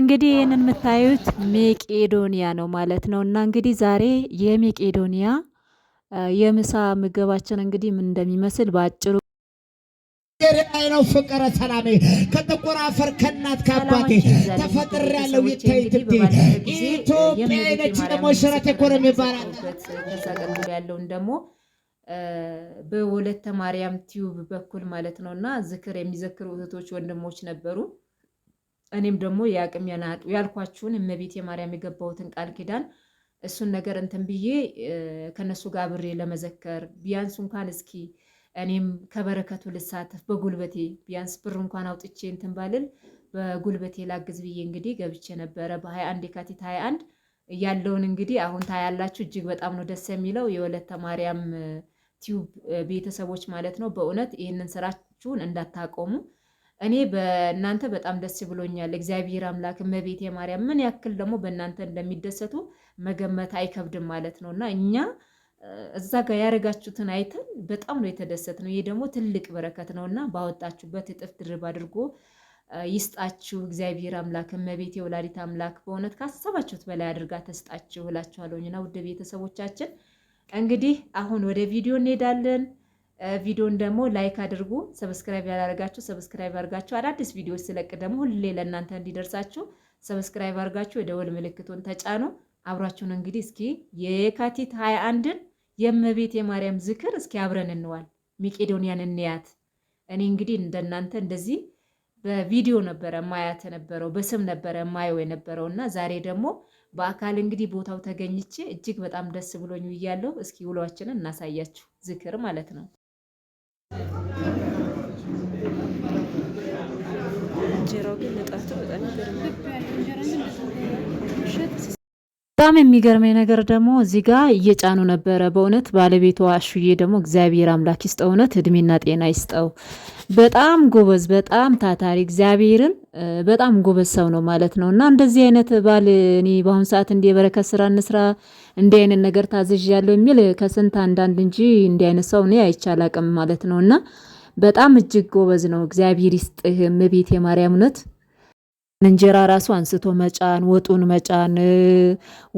እንግዲህ ይህንን የምታዩት ሜቄዶኒያ ነው ማለት ነው። እና እንግዲህ ዛሬ የሜቄዶኒያ የምሳ ምግባችን እንግዲህ ምን እንደሚመስል በአጭሩ ነው። ፍቅረ ሰላሜ ከጥቁር አፈር ከእናት ከአባቴ ተፈጥር ያለው ይታይ ትብቴ ኢትዮጵያ ነች ደግሞ ሽረት ኢኮኖሚ ይባላል። ያለውን ደግሞ በወለተ ማርያም ቲዩብ በኩል ማለት ነው እና ዝክር የሚዘክሩ እህቶች ወንድሞች ነበሩ። እኔም ደግሞ የአቅም የናጡ ያልኳችሁን እመቤት የማርያም የገባሁትን ቃል ኪዳን እሱን ነገር እንትን ብዬ ከነሱ ጋር ብሬ ለመዘከር ቢያንስ እንኳን እስኪ እኔም ከበረከቱ ልሳተፍ በጉልበቴ ቢያንስ ብር እንኳን አውጥቼ እንትን ባልል በጉልበቴ ላግዝ ብዬ እንግዲህ ገብቼ ነበረ በ21 የካቲት 21 ያለውን እንግዲህ አሁን ታያላችሁ። እጅግ በጣም ነው ደስ የሚለው የወለተ ማርያም ቲዩብ ቤተሰቦች ማለት ነው። በእውነት ይህንን ስራችሁን እንዳታቆሙ እኔ በእናንተ በጣም ደስ ብሎኛል። እግዚአብሔር አምላክ እመቤቴ ማርያም ምን ያክል ደግሞ በእናንተ እንደሚደሰቱ መገመት አይከብድም ማለት ነው እና እኛ እዛ ጋር ያደረጋችሁትን አይተን በጣም ነው የተደሰት ነው። ይሄ ደግሞ ትልቅ በረከት ነው እና ባወጣችሁበት እጥፍ ድርብ አድርጎ ይስጣችሁ እግዚአብሔር አምላክ እመቤቴ ወላዲት አምላክ በእውነት ካሰባችሁት በላይ አድርጋ ተስጣችሁ እላችኋለሁኝና ውድ ቤተሰቦቻችን እንግዲህ አሁን ወደ ቪዲዮ እንሄዳለን። ቪዲዮን ደግሞ ላይክ አድርጉ። ሰብስክራይብ ያላደረጋችሁ ሰብስክራይብ አድርጋችሁ አዳዲስ ቪዲዮ ስለቅ ደግሞ ሁሌ ለእናንተ እንዲደርሳችሁ ሰብስክራይብ አድርጋችሁ የደወል ምልክቱን ተጫኑ። አብራችሁን እንግዲህ እስኪ የካቲት 21ን የእመቤት የማርያም ዝክር እስኪ አብረን እንዋል። መቄዶንያን እንያት። እኔ እንግዲህ እንደናንተ እንደዚህ በቪዲዮ ነበረ ማያት የነበረው በስም ነበረ ማየው የነበረው እና ዛሬ ደግሞ በአካል እንግዲህ ቦታው ተገኝቼ እጅግ በጣም ደስ ብሎኝ ውያለሁ። እስኪ ውሏችንን እናሳያችሁ፣ ዝክር ማለት ነው። እንጀራው ግን ንጣቱ በጣም ይገርማል። በጣም የሚገርመኝ ነገር ደግሞ እዚህ ጋ እየጫኑ ነበረ። በእውነት ባለቤቷ እሹዬ ደግሞ እግዚአብሔር አምላክ ይስጠው፣ እውነት እድሜና ጤና ይስጠው። በጣም ጎበዝ፣ በጣም ታታሪ፣ እግዚአብሔርን በጣም ጎበዝ ሰው ነው ማለት ነው። እና እንደዚህ አይነት ባል እኔ በአሁኑ ሰዓት እንዲህ የበረከት ስራ እንስራ እንዲህ አይነት ነገር ታዘዥ ያለው የሚል ከስንት አንዳንድ እንጂ እንዲህ አይነት ሰው እኔ አይቻል አቅም ማለት ነው። እና በጣም እጅግ ጎበዝ ነው። እግዚአብሔር ይስጥህ እመቤቴ የማርያም እውነት እንጀራ ራሱ አንስቶ መጫን፣ ወጡን መጫን፣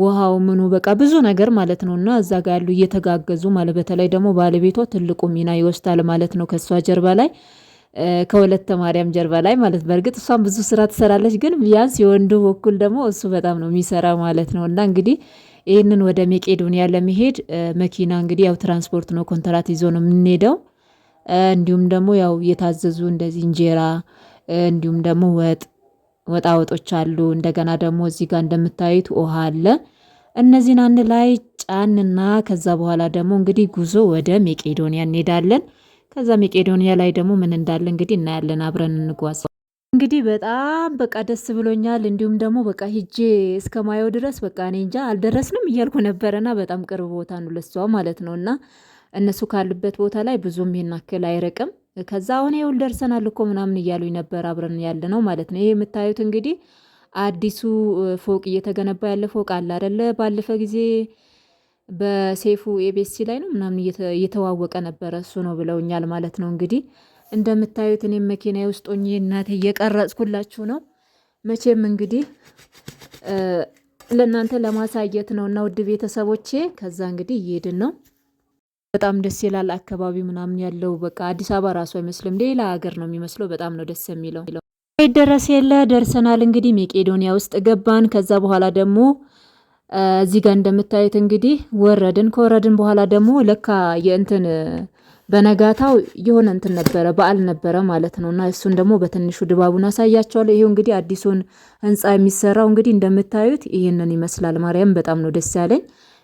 ውሃው ምኑ በቃ ብዙ ነገር ማለት ነው። እና እዛ ጋ ያሉ እየተጋገዙ ማለት በተለይ ደግሞ ባለቤቷ ትልቁ ሚና ይወስዳል ማለት ነው ከእሷ ጀርባ ላይ ከወለተ ማርያም ጀርባ ላይ ማለት በእርግጥ እሷም ብዙ ስራ ትሰራለች፣ ግን ቢያንስ የወንዱ በኩል ደግሞ እሱ በጣም ነው የሚሰራ ማለት ነው። እና እንግዲህ ይህንን ወደ መቄዶንያ ለመሄድ መኪና እንግዲህ ያው ትራንስፖርት ነው ኮንትራት ይዞ ነው የምንሄደው። እንዲሁም ደግሞ ያው የታዘዙ እንደዚህ እንጀራ እንዲሁም ደግሞ ወጥ ወጣወጦች አሉ። እንደገና ደግሞ እዚህ ጋር እንደምታዩት ውሃ አለ። እነዚህን አንድ ላይ ጫንና ከዛ በኋላ ደግሞ እንግዲህ ጉዞ ወደ መቄዶንያ እንሄዳለን። ከዛ መቄዶንያ ላይ ደግሞ ምን እንዳለ እንግዲህ እናያለን። አብረን እንጓዝ። እንግዲህ በጣም በቃ ደስ ብሎኛል። እንዲሁም ደግሞ በቃ ሂጄ እስከ ማየው ድረስ በቃ እኔ እንጃ አልደረስንም እያልኩ ነበረና በጣም ቅርብ ቦታ ነው ለሷ ማለት ነው እና እነሱ ካሉበት ቦታ ላይ ብዙም ይናክል አይርቅም። ከዛ አሁን ይኸውል ደርሰናል እኮ ምናምን እያሉኝ ነበር። አብረን ያለ ነው ማለት ነው። ይሄ የምታዩት እንግዲህ አዲሱ ፎቅ እየተገነባ ያለ ፎቅ አለ አደለ? ባለፈ ጊዜ በሴፉ ኤቤሲ ላይ ነው ምናምን እየተዋወቀ ነበረ። እሱ ነው ብለውኛል ማለት ነው። እንግዲህ እንደምታዩት እኔም መኪና ውስጥ ሆኜ እናቴ እየቀረጽኩላችሁ ነው። መቼም እንግዲህ ለእናንተ ለማሳየት ነው እና ውድ ቤተሰቦቼ፣ ከዛ እንግዲህ እየሄድን ነው በጣም ደስ ይላል አካባቢ ምናምን ያለው በቃ አዲስ አበባ ራሱ አይመስልም፣ ሌላ ሀገር ነው የሚመስለው። በጣም ነው ደስ የሚለው። ይደረስ የለ ደርሰናል። እንግዲህ መቄዶንያ ውስጥ ገባን። ከዛ በኋላ ደግሞ እዚህ ጋር እንደምታዩት እንግዲህ ወረድን። ከወረድን በኋላ ደግሞ ለካ የእንትን በነጋታው የሆነ እንትን ነበረ በዓል ነበረ ማለት ነው። እና እሱን ደግሞ በትንሹ ድባቡን አሳያቸዋለሁ። ይሄው እንግዲህ አዲሱን ህንፃ የሚሰራው እንግዲህ እንደምታዩት ይህንን ይመስላል። ማርያም በጣም ነው ደስ ያለኝ።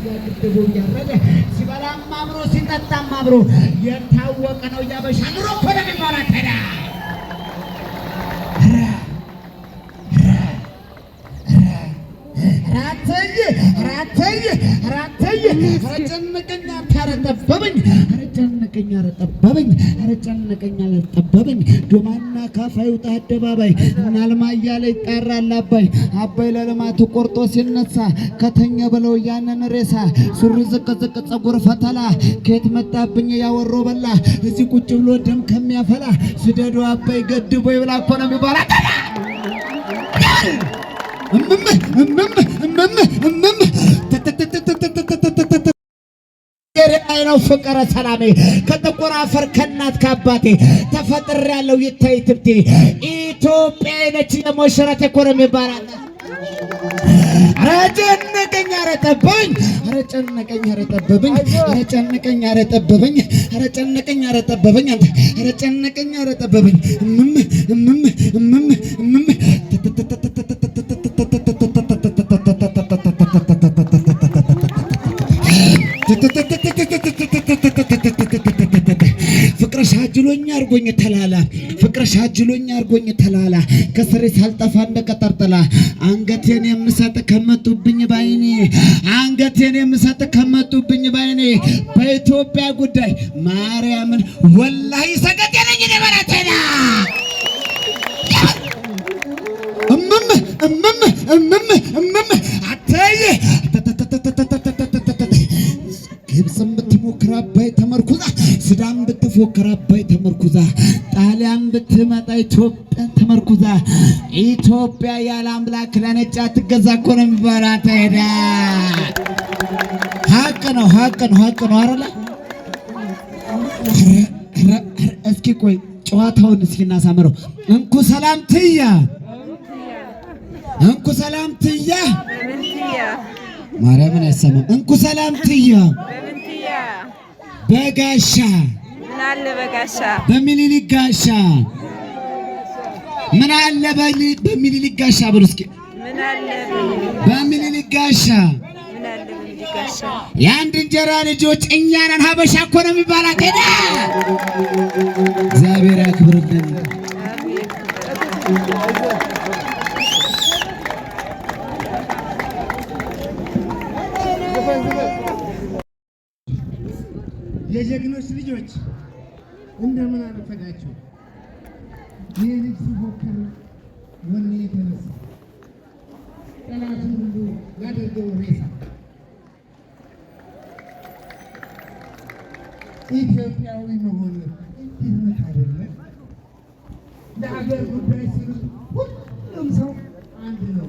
እያደገ እያረገ ሲበላም አብሮ ሲጠጣም አብሮ የታወቀ ነው። እያበሻ ኑሮ እኮ ለምን ማለት ራተይ ራተይ ራተይ ካረጠበበኝ ዶማና አደባባይ እናልማ እያለ ይጣራል አባይ አባይ ለልማቱ ቆርጦ ሲነሳ ከተኘ ብለው ያንን ሬሳ ሱሪ ዝቅዝቅ ጸጉር ፈተላ ከየት መጣብኝ ያወሮ በላ እዚህ ቁጭ ብሎ ደም ከሚያፈላ ስደዶ አባይ ገድቦ ይብላ እኮ ነው የሚባለው ነው ፍቅረ ሰላሜ አፈር ከእናት ከአባቴ ተፈጥር ያለው ይታይ ትብቴ ኢትዮጵያ ነች የሞሽረት ኮረም ይባላል። ኧረ ጨነቀኝ፣ ኧረ ጠበበኝ፣ ኧረ ጨነቀኝ፣ ኧረ ጠበበኝ፣ ኧረ ጨነቀኝ፣ ኧረ ጠበበኝ፣ ኧረ ጨነቀኝ፣ ኧረ ጠበበኝ፣ ኧረ ጨነቀኝ፣ ኧረ ጠበበኝ እምም እምም እምም እምም ፍቅርሽ አጅሎኛ አርጎኝ ተላላ ፍቅርሽ አጅሎኛ አርጎኝ ተላላ ከስሬ ሳልጠፋ እንደቀጠርጥላ አንገቴን የምሰጥ ከመጡብኝ ባይኔ አንገቴን የምሰጥ ከመጡብኝ ባይኔ በኢትዮጵያ ጉዳይ ማርያምን ወላሂ ሰገጤ ነኝ በላቴና እምም እምም እምም እምም አተይ ግብፅም ብትሞክር አባይ ተመርኩዛ፣ ስዳም ብትፎክር አባይ ተመርኩዛ፣ ጣሊያን ብትመጣ ኢትዮጵያ ተመርኩዛ። ኢትዮጵያ ያለ አምላክ ለነጭ አትገዛ እኮ ነው የሚባለው። አንተ ሀቅ ነው ሀቅ ነው ሀቅ ነው አረለ እስኪ ቆይ ጨዋታውን እስኪ እናሳምረው። እንኩ ሰላም ትያ እንኩ ሰላም ትያ ማርያምን አይሰማም። እንኩ ሰላም ትያ በጋሻ ምናለ በጋሻ በሚኒሊክ ጋሻ ምናለ በሚኒሊክ ጋሻ ብሎ እስኪ በሚኒሊክ ጋሻ የአንድ እንጀራ ልጆች እኛ ነን። ሀበሻ እኮ ነው የሚባላት። ሄዳ እግዚአብሔር ያክብርልን። የጀግኖች ልጆች እንደምን አለፈዳችሁ። ይህ ልጅ ሲሞክር ወኔ የተነሳ ጠላቱን ሁሉ ያደርገው ሬሳ ኢትዮጵያዊ መሆን እንዲህ ነት ለሀገር ጉዳይ ሲሉ ሁሉም ሰው አንድ ነው።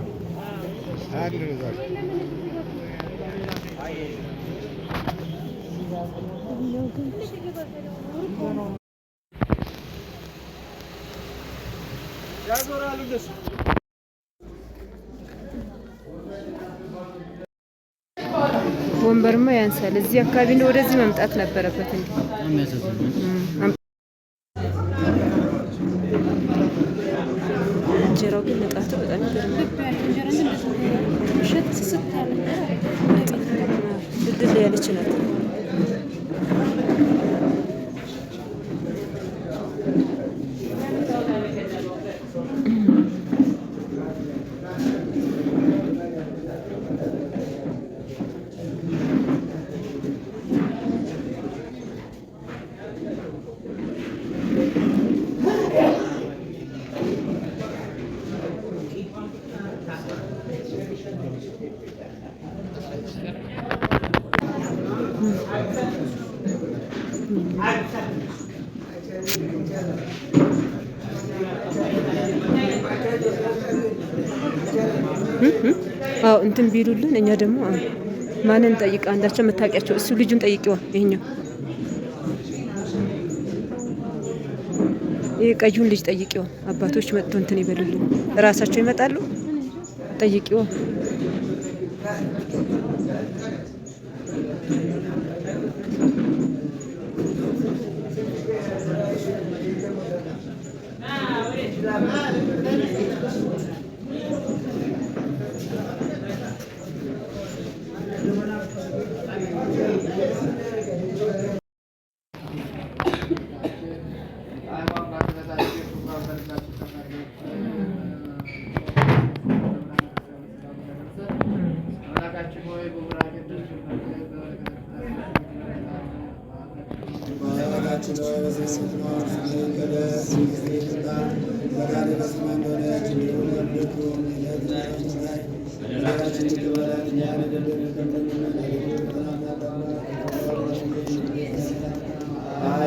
ወንበርማ ያንሳል። እዚህ አካባቢ ወደዚህ መምጣት ነበረበት እንዴ? እንትን ቢሉልን እኛ ደግሞ ማንን ጠይቀ አንዳቸው መታወቂያቸው እሱ ልጁን ጠይቂዋል። ይሄኛው ይህ ቀዩን ልጅ ጠይቂዋል። አባቶች መጥቶ እንትን ይበሉልን፣ እራሳቸው ይመጣሉ። ጠይቂዋል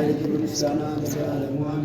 يجب الإنسان أن يعلم وأن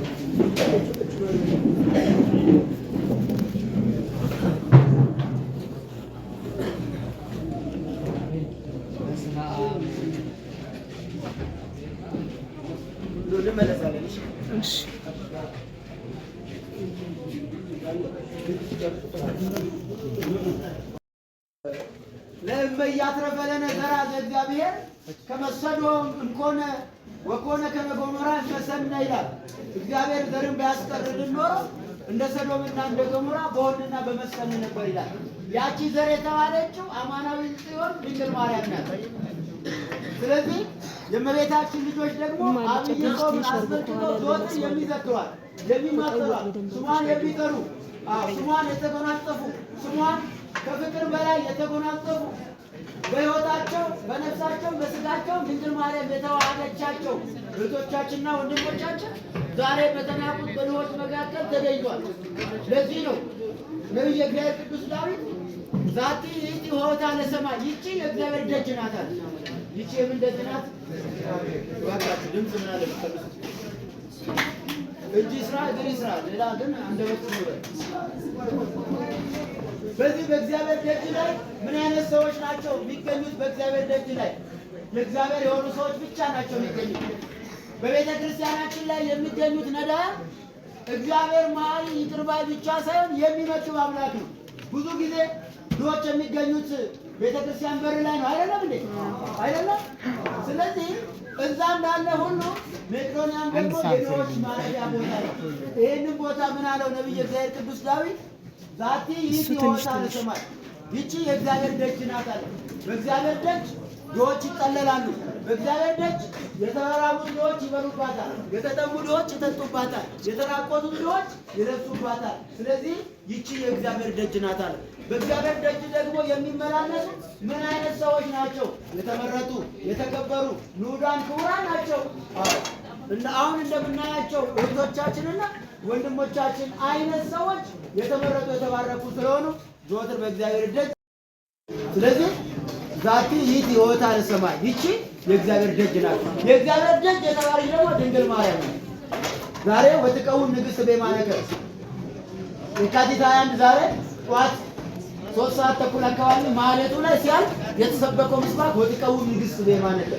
ከመ ወኮነ ከመ ገሞራ እንተሰምነ ይላል። እግዚአብሔር ዘርን ቢያስቀርልን ኖሮ እንደ ሰዶምና እንደ ገሞራ በሆንና በመሰልን ነበር ይላል። ያቺ ዘር የተባለችው አማናዊ ጽዮን ድንግል ማርያም ናት። ስለዚህ የእመቤታችን ልጆች ደግሞ አብይ ጾም አስመልክቶ ዞት የሚዘክሯል፣ የሚማጸሏል፣ ስሟን የሚጠሩ ስሟን የተጎናጸፉ ስሟን ከፍቅር በላይ የተጎናጸፉ በሕይወታቸው በነፍሳቸው በስጋቸው ድንግል ማርያም የተዋሃደቻቸው እህቶቻችንና ወንድሞቻችን ዛሬ በተናቁት በድሆች መካከል ተገኝቷል። ለዚህ ነው ነቢየ እግዚአብሔር ቅዱስ ዳዊት ዛቲ ይእቲ ሆታ ለሰማይ ይቺ የእግዚአብሔር ደጅ ናት አለ። ይቺ የምን ደጅ ናት? ባካችሁ ድምፅ ምን አለ? እጅ ስራ እግር ስራ ሌላ ግን አንደበት ይበል በዚህ በእግዚአብሔር ደጅ ላይ ምን አይነት ሰዎች ናቸው የሚገኙት? በእግዚአብሔር ደጅ ላይ የእግዚአብሔር የሆኑ ሰዎች ብቻ ናቸው የሚገኙት። በቤተ ክርስቲያናችን ላይ የሚገኙት ነዳ እግዚአብሔር መሀል ይቅርባይ ብቻ ሳይሆን የሚመጡ አምላክ ነው። ብዙ ጊዜ ድሆች የሚገኙት ቤተ ክርስቲያን በር ላይ ነው። አይደለም እንዴ? አይደለም። ስለዚህ እዛ እንዳለ ሁሉ መቄዶንያም ደግሞ የድሆች ማረፊያ ቦታ ነው። ይህንም ቦታ ምን አለው ነቢይ እግዚአብሔር ቅዱስ ዳዊት እሱ ትንሽ ትንሽ ይቺ የእግዚአብሔር ደጅ ናት አለ። በእግዚአብሔር ደጅ ድሆች ይጠለላሉ። በእግዚአብሔር ደጅ የተራቡ ድሆች ይበሉባታል፣ የተጠሙ ድሆች ይጠጡባታል፣ የተራቆቱ ድሆች ይለብሱባታል። ስለዚህ ይቺ የእግዚአብሔር ደጅ ናት አለ። በእግዚአብሔር ደጅ ደግሞ የሚመላለሱ ምን አይነት ሰዎች ናቸው? የተመረጡ፣ የተከበሩ፣ ንዑዳን ክቡራን ናቸው። አሁን እንደምናያቸው እህቶቻችንና ወንድሞቻችን አይነት ሰዎች የተመረጡ የተባረኩ ስለሆኑ ዘወትር በእግዚአብሔር ደጅ። ስለዚህ ዛቲ ይህ ሕይወት አልሰማ ይቺ የእግዚአብሔር ደጅ ናት። የእግዚአብሔር ደጅ የተባለች ደግሞ ድንግል ማርያም ነው። ዛሬ ወትቀውን ንግሥት በማነከ የካቲት 21 ዛሬ ጠዋት ሶስት ሰዓት ተኩል አካባቢ ማለቱ ላይ ሲያልፍ የተሰበከው ምስባክ ወትቀውን ንግሥት በማነከ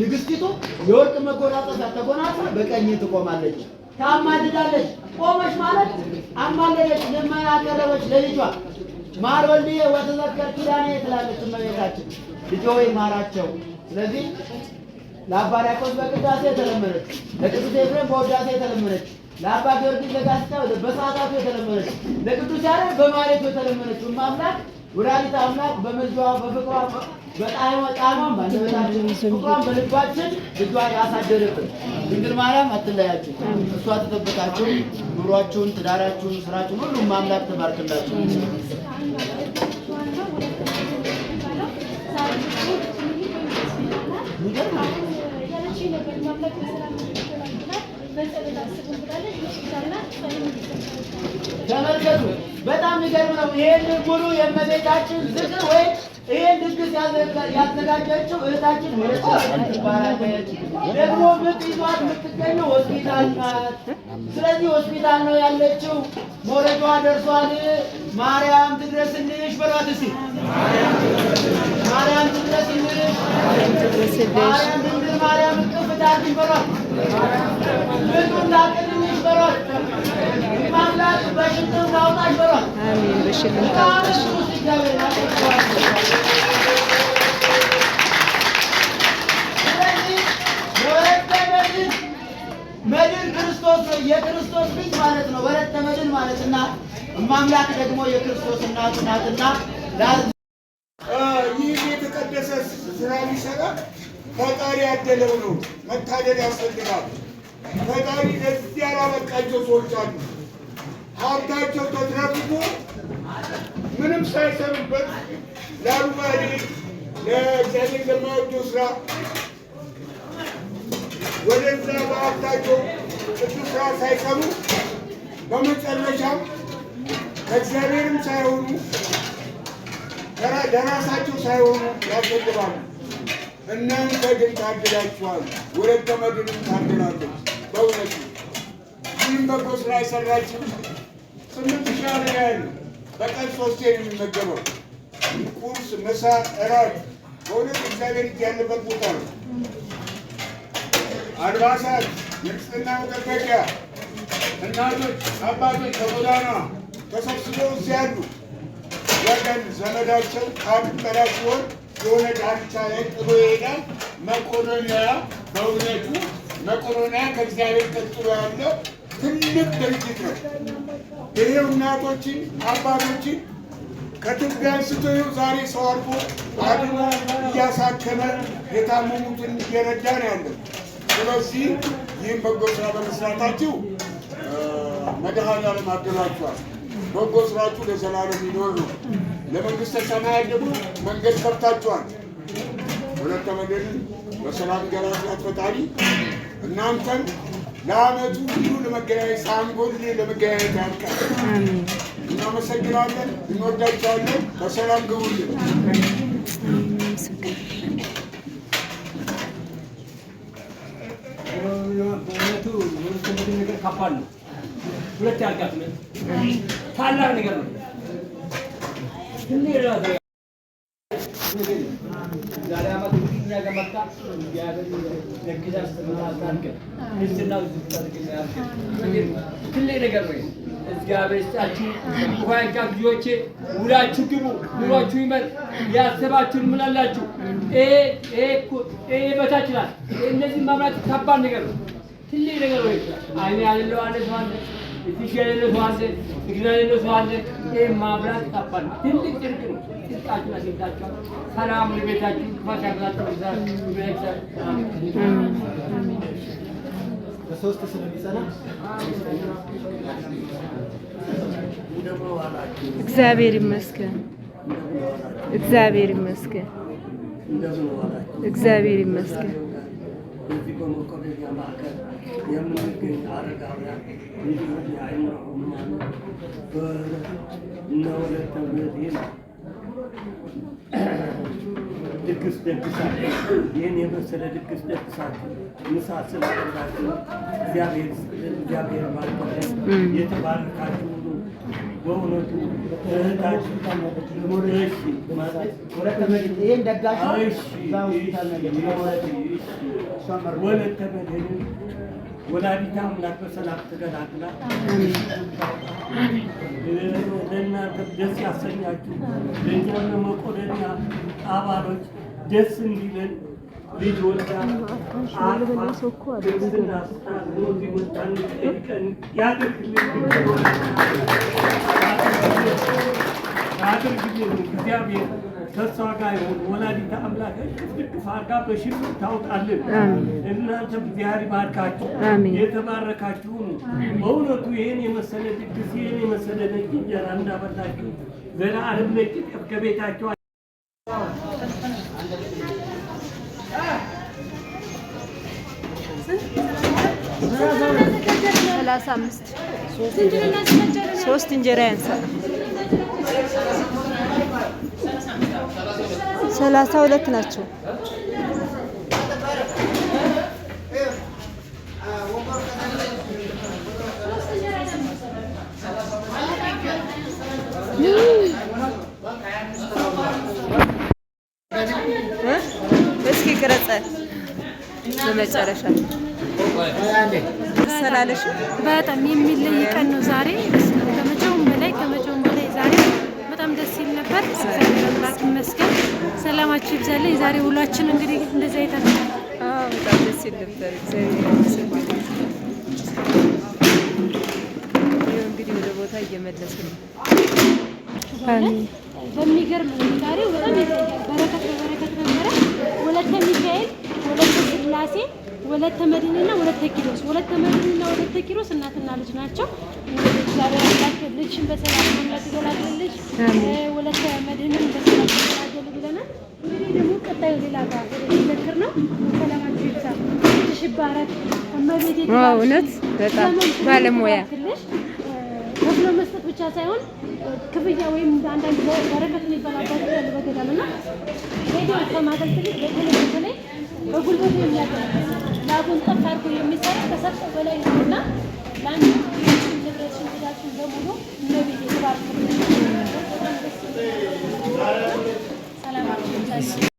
ንግሥቲቱ የወርቅ መጎናጸፊያ ተጎናጽፋ በቀኝ ትቆማለች። ታማልዳለች። ቆመች ማለት አማለደች፣ ልመና ለልጇ። ማር ወልድዬ ወተዘከር ኪዳኔ ትላለች እመቤታችን። ልጆ ማራቸው። ስለዚህ ለአባ ሕርያቆስ በቅዳሴ የተለመነች፣ ለቅዱስ ኤፍሬም በወዳሴ የተለመነች፣ ለአባ ጊዮርጊስ ዘጋስጫ በሰዓታቱ የተለመነች፣ ለቅዱስ ያሬድ በማሕሌቱ የተለመነች እማምላክ ወላዲተ አምላክ በመዝዋ በፍቅሯ በጣዕሟ ጣዕሟን ባንደበታችን ፍቅሯን በልባችን ልጇን ያሳደረብን ድንግል ማርያም አትለያችሁ። እሷ ተጠብቃችሁን ኑሯችሁን፣ ትዳራችሁን፣ ስራችሁን ሁሉም አምላክ ተባርክላችሁ። ይገርማል። ተመልከቱ። በጣም የሚገርም ነው። ይህንን ሙሉ የእመቤታችን ዝክር ወይም ይህን ድግስ ያዘጋጀችው እህታችን ትባላለች። ደግሞ ምጥ ይዟት የምትገኘው ሆስፒታል ናት። ስለዚህ ሆስፒታል ነው ያለችው። መውለዷ ደርሷል። ማርያም ትድረስልሽ በሏት እስኪ። ማርያም ትድረስልሽ፣ ማርያም ማርያም እቅፍ ታድርግሽ በሏት አሜን። በሽልም መድን ክርስቶስ የክርስቶስ ልጅ ማለት ነው። በረተ መድን ማለት እና ማምላክ ደግሞ የክርስቶስ እናቱ ናትና ይህ የተቀደሰ ስራ ሊሰራ ፈጣሪ ያደለው ነው። መታደል ያስፈልጋል። ፈጣሪ ለዚህ ያላበቃቸው ሰዎች አሉ። ሀብታቸው ተትረፍቶ ምንም ሳይሰሩበት ለአሉባሌ ለእግዚአብሔር ለማወደው ስራ ወደዛ በሀብታቸው እሱ ስራ ሳይሰሩ በመጨረሻም ከእግዚአብሔርም ሳይሆኑ ለራሳቸው ሳይሆኑ ያሸልባሉ። እናንተ ግን ታድላችኋል፣ ወለተ መድንም ታድላለች። በእውነቱ ይህም በጎ ስራ የሰራችው ስምንት ሺህ አለ ያሉ በቀን ሶስቴ ነው የሚመገበው። ቁርስ፣ ምሳ፣ እራት በእውነት እግዚአብሔር እጅ ያለበት ቦታ ነው። አልባሳት፣ የንጽህና መጠበቂያ እናቶች፣ አባቶች ከጎዳና ተሰብስበው እዚያ ያሉ ወገን ዘመዳቸው ከአቅም በላይ ሲሆን የሆነ ዳርቻ ላይ ጥሎ ይሄዳል። መቆዶንያ በእውነቱ መቆዶንያ ከእግዚአብሔር ቀጥሎ ያለው ትልቅ ድርጅት ነው። ይሄው እናቶችን አባቶችን ከትግራይ አንስቶ ይኸው ዛሬ ሰው አልፎ አድኖ እያሳከመ የታመሙትን እየረዳ ነው ያለው። ስለዚህ ይህን በጎ ስራ በመስራታችሁ መድኃኔዓለም አድኗችኋል። በጎ ስራችሁ ለዘላለም ይኖር ነው። ለመንግስተ ሰማያት ደግሞ መንገድ ከፍታችኋል። ሁለተ መንገድን በሰላም ገራፊያት ፈጣሪ እናንተን ለአመቱ ሁሉ ለመገናኘት ሳንጎድል ለመገናኘት ያብቃል። እናመሰግናለን፣ እንወዳቸዋለን። በሰላም ግቡልን። በእውነቱ የምትምትን ነገር ከባድ ነው። ሁለት ያልቃት ታላቅ ነገር ነው። ትልቅ ነገር ነው። እግዚአብሔር ይስጣችሁ። ልጆቼ ውላችሁ ግቡ፣ ኑሯችሁ ይመር። ያሰባችሁን ምላላችሁ። ይሄ በታች ናት። እነዚህ ማምራት ከባድ ነገር ነው። ትልቅ ነገር ነው። አይ ያለው አለ Dişlerine su aldı, vicdanına su aldı. Ey mabrat kapan. Dimdik dirdim. İstacına simtaçka. Selamun betaçka. Başaklatı bizler. Yürekler. በሶስት ስለሚጸና እግዚአብሔር ይመስገን። እግዚአብሔር ይመስገን። እግዚአብሔር ይመስገን። የማይገኝ አረጋውያን ልጆች የአእምሮ ሕሙማኖች እና ወለተ ቤት ድግስ ደግሳችሁ ይህን የመሰለ ድግስ ደግሳችሁ ምሳ ስላበላችሁ እግዚአብሔር ባርከለን። የተባረካችሁ በእውነቱ እህታችሁ ወለተ መድህን ወላዲተ አምላክ በሰላም ተገላግላ ለእናንተ ደስ ያሰኛችሁ፣ ለእኛም ለመቄዶንያ አባሎች ደስ እንዲለን ልጅ ወልዳ አርፋ ክርስትና ስታዚመጣን ያድርግልን እግዚአብሔር ከእሷ ጋር ይሁን ወላዲተ አምላክ እቅፍ ድቅፍ አድርጋ በሽፍር ታውጣልን። እናንተ እግዚአብሔር ይባርካችሁ፣ የተባረካችሁ በእውነቱ ይህን የመሰለ ድግስ ይህን የመሰለ ነጭ እንጀራ እንዳበላችሁ ዘላለም ነጭ ጤፍ ከቤታችሁ ሶስት እንጀራ ያንሳል። ሰላሳ ሁለት ናቸው። እስኪ ቅረጸ ለመጨረሻ በጣም የሚለይ ቀን ነው ዛሬ። ከመቼውም በላይ ከመቼውም በላይ ዛሬ በጣም ደስ ይል ነበር። እግዚአብሔር ይመስገን። ሰላማችሁ ይብዛል። የዛሬ ውሏችን እንግዲህ እንደዚህ አይነት በጣም ደስ ይል ነበር። እግዚአብሔር እንግዲህ ወደ ቦታ እየመለሱ ነው። በሚገርም ዛሬ በጣም በረከት በበረከት ነበረ። ወለተ ሚካኤል፣ ወለተ ስላሴ፣ ወለተ መድህንና ወለተ ኪሮስ ወለተ መድህንና ወለተ ኪሮስ እናትና ልጅ ናቸው። እግዚአብሔር ልጅሽን በሰላም መምላት ይበላልልሽ። ወለተ መድህንን በሰላም ብለናል። እንግዲህ ደግሞ ቀጣዩ ሌላ ጋር ዘክር ነው። ሰላማችሁ ይብዛ። ሽባረት እውነት በጣም ባለሙያ ከፍሎ መስጠት ብቻ ሳይሆን ክፍያ ወይም አንዳንድ በረከት የሚባላበት ያለ በገዳም እና ሄዶ ከማገልገል በተለይ በተለይ በጉልበቱ የሚያገለግል ላቡን ጠፍ አድርጎ የሚሰራ ከሰጠው በላይ ነው እና ለአንድ ንብረትሽን ትዳርሽን በሙሉ እመቤቴ ተባርክ በጣም ደስ 来吧，我们再洗。